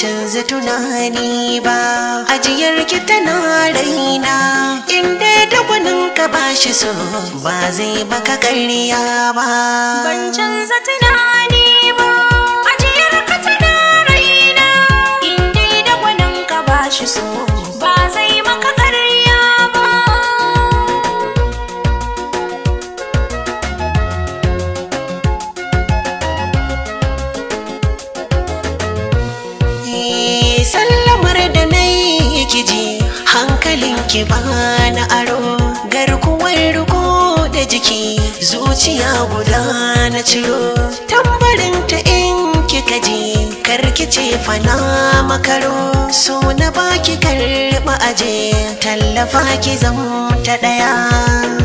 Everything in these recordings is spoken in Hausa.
canza tunani ba ajiyar ki tana raina inda da gwanin ka bashi so ba zai baka karya ba ban canza tunani ba ajiyar ka tana raina inda da gwanin ka bashi so ba zai hankalin ki ba na aro garkuwar ruko da jiki zuciya guda na ciro tambarin ta in ki ji fa fana makaro so na baki karba aje tallafa ki zama ta daya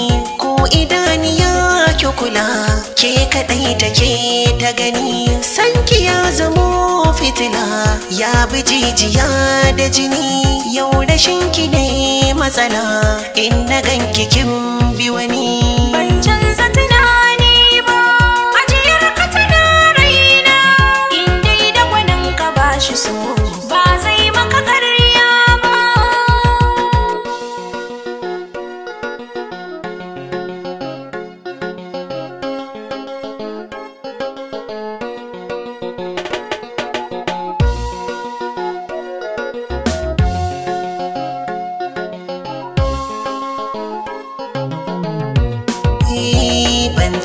idaniya ki kula ke kadai take ta gani sanki ya zamo fitila ya bi jijiya da jini yau rashin ki ne matsala in na ganki kin bi wani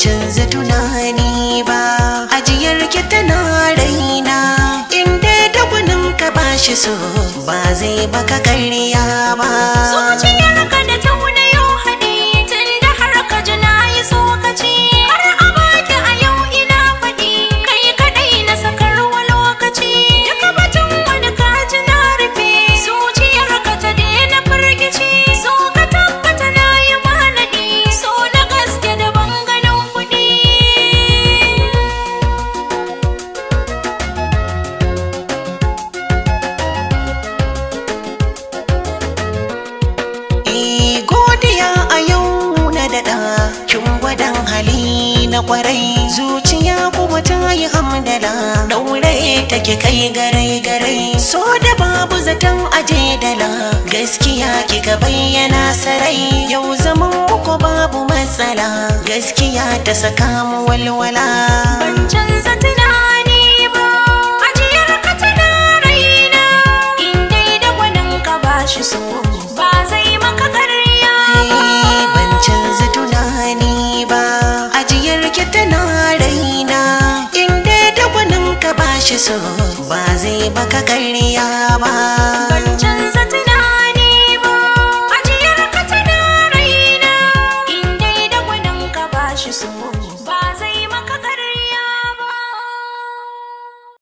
canza tunani ba ajiyar ki tana raina in dai ka bashi so ba zai baka karya ba na kwarai zuciya kuma ta yi hamdala daure take kai garai garai so da babu zaton aje dala gaskiya kika bayyana sarai yau zaman uku babu matsala gaskiya ta saka mu walwala ci so ba zai baka karya ba